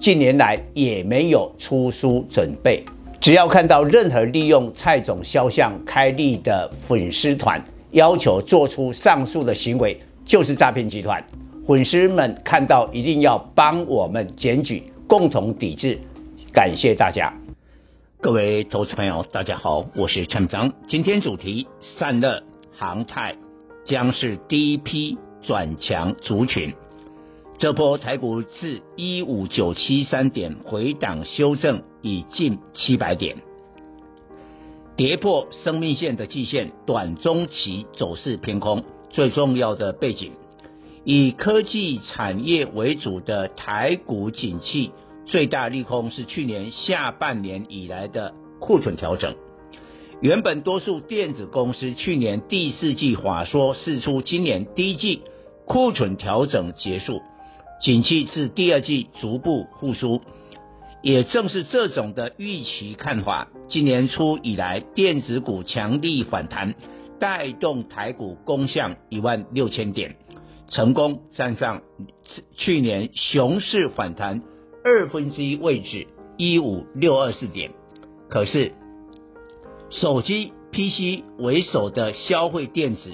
近年來也沒有出書準備，只要看到任何利用蔡總肖像開立的粉絲團，要求做出上述的行為，就是詐騙集團。粉絲們看到一定要幫我們檢舉，共同抵制。感謝大家，各位投資朋友，大家好，我是明彰，今天主題散熱、航太將是第一批轉強族群。這波台股自一五九七三點回檔修正，已近七百點，跌破生命線的季線，短中期走勢偏空。最重要的背景，以科技產業為主的台股景氣，最大利空是去年下半年以來的庫存調整。原本多數電子公司去年第四季法說釋出今年第一季庫存調整結束。景氣自第二季逐步復甦，也正是這種的預期看法。今年初以來，電子股強力反彈，帶動台股攻向一萬六千點，成功站上去年熊市反彈二分之一位置一五六二四點。可是，手機、PC 為首的消費電子，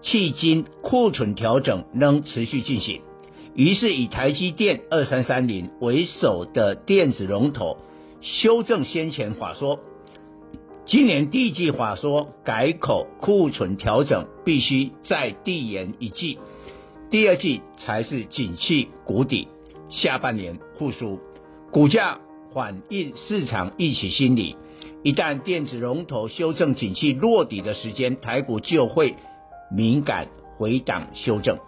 迄今庫存調整仍持續進行。於是以台積電二三三零為首的電子龍頭修正先前法說，今年第一季法說改口，庫存調整必須再遞延一季，第二季才是景氣谷底，下半年復甦，股價反映市場預期心理。一旦電子龍頭修正景氣落底的時間，台股就會敏感回檔修正。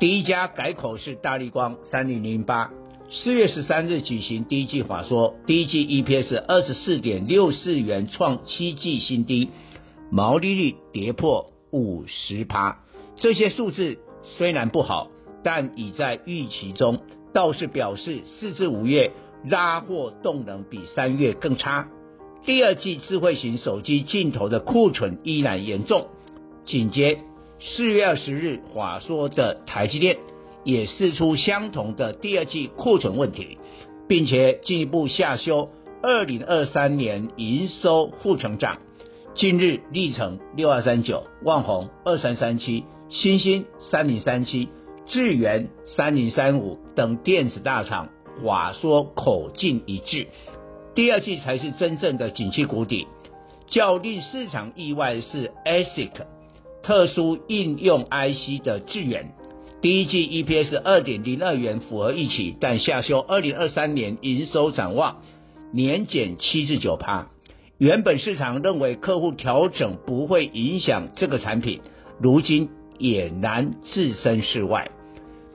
第一家改口是大立光三零零八，四月十三日舉行第一季法說，第一季 EPS 二十四點六四元，創七季新低，毛利率跌破五十趴。這些數字雖然不好，但已在預期中，倒是表示四至五月拉貨動能比三月更差。第二季智慧型手機鏡頭的庫存依然嚴重，緊接。四月二十日，華碩的台積電也釋出相同的第二季庫存問題，並且進一步下修二零二三年營收負成長。近日，力成六二三九、旺宏二三三七、欣興三零三七、智原三零三五等電子大廠華碩口徑一致，第二季才是真正的景氣谷底。較令市場意外是 ASIC。特殊應用 IC 的智原，第一季 EPS 二點零二元符合預期，但下修二零二三年營收展望年減七至九趴。原本市場認為客戶調整不會影響這個產品，如今也難置身事外。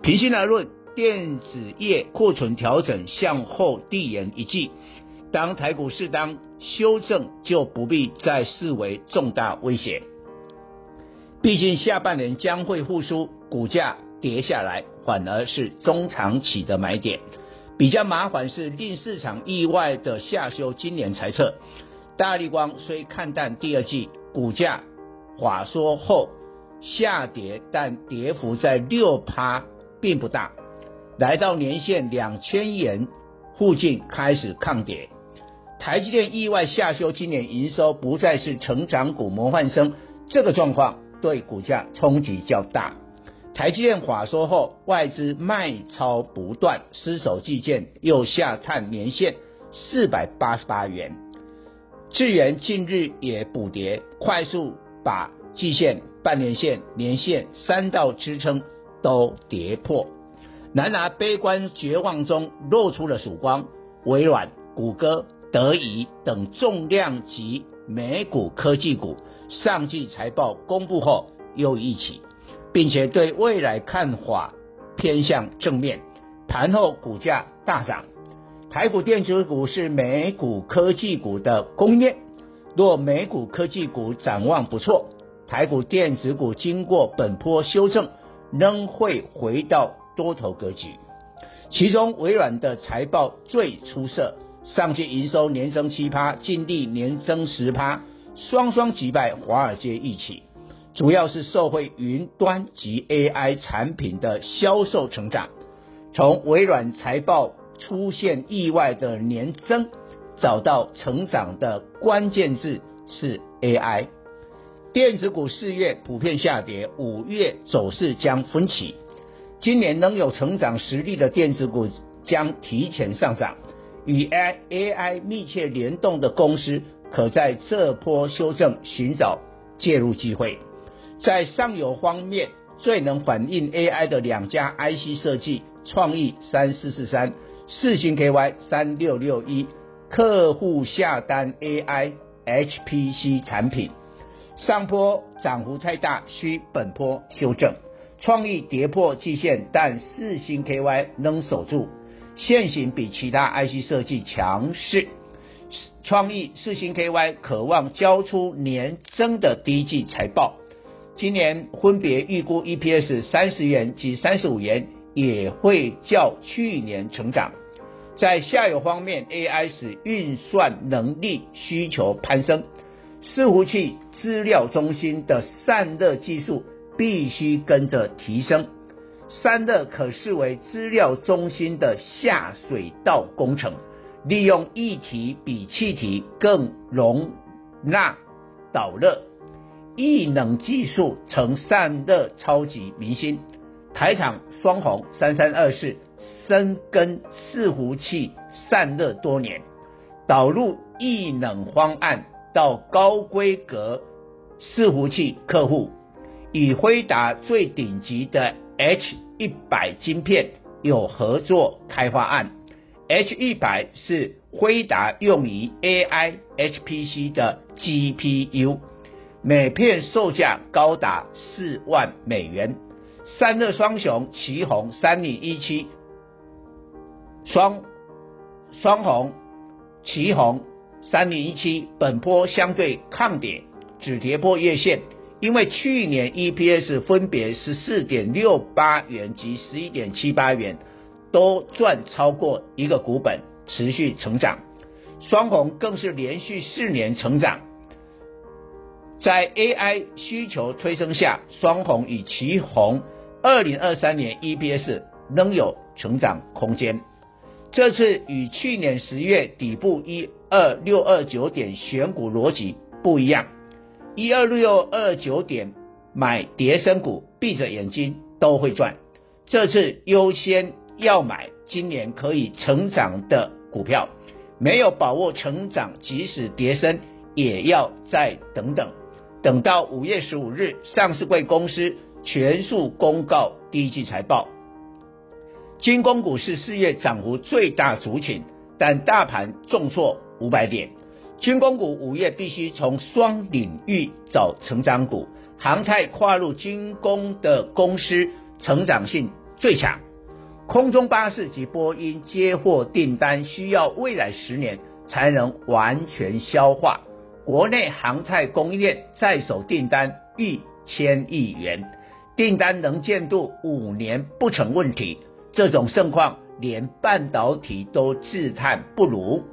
平心而論，電子業庫存調整向後遞延一季，當台股適當修正，就不必再視為重大威脅。畢竟下半年將會復甦，股價跌下來反而是中長期的買點。比較麻煩是令市場意外的下修今年財測，大立光雖看淡第二季股價摜殺後下跌，但跌幅在六趴並不大，來到年線兩千元附近開始抗跌。台積電意外下修今年營收，不再是成長股模範生這個狀況對股價衝擊較大。台積電話說後，外資賣超不斷，失守季件又下探年限四百八十八元。智元近日也補跌，快速把季線、半年線、年線三道支撐都跌破。難拿悲觀絕望中露出了曙光。微軟、谷歌、德儀等重量級。美股科技股上季財報公布後又一起，並且對未來看法偏向正面，盤後股價大漲。台股電子股是美股科技股的工業，若美股科技股展望不錯，台股電子股經過本波修正，仍會回到多頭格局。其中微軟的財報最出色。上季營收年增七趴，淨利年增十趴，雙雙擊敗華爾街預期，主要是受惠雲端及 AI 產品的銷售成長。從微軟財報出現意外的年增，找到成長的關鍵字是 AI。電子股四月普遍下跌，五月走勢將分歧。今年能有成長實力的電子股將提前上漲。與 AI, AI 密切聯動的公司，可在這波修正尋找介入機會。在上游方面，最能反映 AI 的兩家 IC 設計，創意三四四三、四星 KY 三六六一，客戶下單 AI HPC 產品。上波漲幅太大，需本波修正。創意跌破季線，但四星 KY 能守住。現行比其他 IC 設計強勢，創意四星 KY 渴望交出年增的第一季財報，今年分別預估 EPS 三十元及三十五元，也會較去年成長。在下游方面，AI 使運算能力需求攀升，伺服器資料中心的散熱技術必須跟着提升。散熱可視為資料中心的下水道工程，利用液體比氣體更容納導熱，液冷技術成散熱超級明星。台廠雙鴻三三二四深耕伺服器散熱多年，導入液冷方案到高規格伺服器客戶，以輝達最頂級的。H 一百晶片有合作開發案，H 一百是輝達用於 AI HPC 的 GPU，每片售價高達四萬美元。散熱雙雄奇鋐三零一七，雙雙紅奇鋐三零一七，本波相對抗跌，止跌破月線。因為去年 EPS 分別十四點六八元及十一點七八元，都賺超過一個股本，持續成長。雙鴻更是連續四年成長，在 AI 需求推升下，雙鴻與奇鋐2023年 EPS 仍有成長空間。這次與去年十月底部一二六二九點選股邏輯不一樣。一二六二九點買跌深股，閉着眼睛都會賺。這次優先要買今年可以成長的股票，沒有把握成長，即使跌深也要再等等。等到五月十五日，上市櫃公司全數公告第一季財報。軍工股是四月漲幅最大族群，但大盤重挫五百點。軍工股五月必須從雙領域找成長股，航太跨入軍工的公司成長性最強。空中巴士及波音接獲訂單，需要未來十年才能完全消化。國內航太供應鏈在手訂單一千億元，訂單能見度五年不成問題。這種盛況，連半導體都自嘆不如。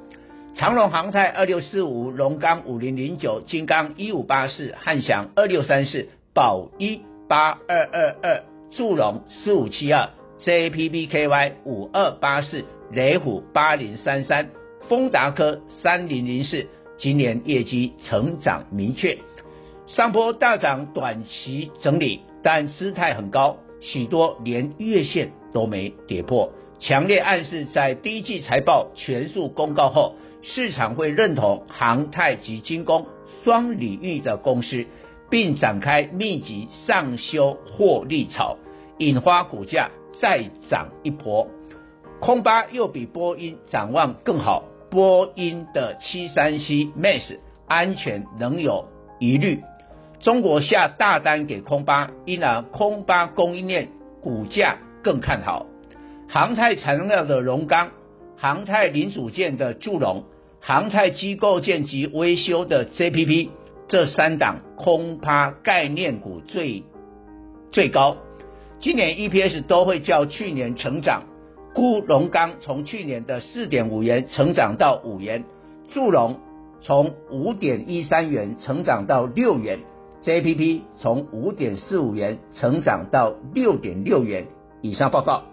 長榮航太二六四五，榮剛五零零九，精剛一五八四，漢翔二六三四，寶一八二二二，駐龍四五七二 jpp-KY 五二八四，雷虎八零三三，豐達科三零零四，今年業績成長明確，上波大漲，短期整理，但姿態很高，許多連月線都沒跌破，強烈暗示在第一季財報全數公告後。市場會認同航太及軍工雙領域的公司，並展開密集上修獲利潮，引發股價再漲一波。空巴又比波音展望更好，波音的七三七 MAX 安全仍有疑慮，中國下大單給空巴，因而空巴供應鏈股價更看好。航太材料的榮剛，航太零組件的駐龍。航太機構件及維修的 JPP，這三檔空趴概念股最最高。今年 EPS 都會較去年成長。固龍鋼從去年的四點五元成長到五元，駐龍從五點一三元成長到六元，JPP 從五點四五元成長到六點六元。以上報告。